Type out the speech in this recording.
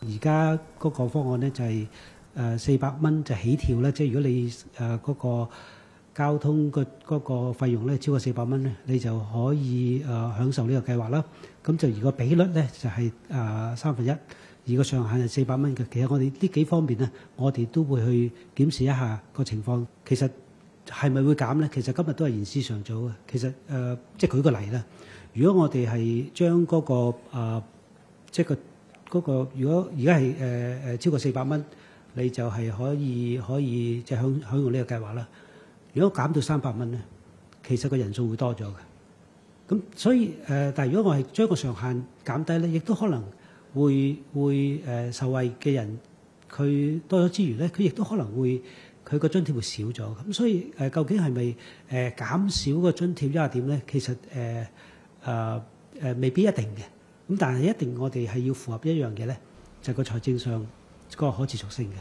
而家嗰個方案咧就係誒四百蚊就起跳咧，即、就、係、是、如果你誒嗰個交通的個嗰個費用咧超過四百蚊咧，你就可以誒享受呢個計劃啦。咁就如個比率咧就係誒三分一，而個上限係四百蚊嘅。其實我哋呢幾方面啊，我哋都會去檢視一下個情況。其實係咪會減咧？其實今日都係言之尚早嘅。其實誒、呃，即係舉個例啦。如果我哋係將嗰個即係個。呃嗰個如果而家係誒誒超過四百蚊，你就係可以可以即係享享用呢個計劃啦。如果減到三百蚊咧，其實個人數會多咗嘅。咁所以誒，但係如果我係將個上限減低咧，亦都可能會會誒受惠嘅人佢多咗之餘咧，佢亦都可能會佢個津貼會少咗。咁所以誒，究竟係咪誒減少個津貼一係點咧？其實誒誒誒未必一定嘅。咁但係一定，我哋係要符合一樣嘢咧，就係個財政上嗰個可持續性嘅。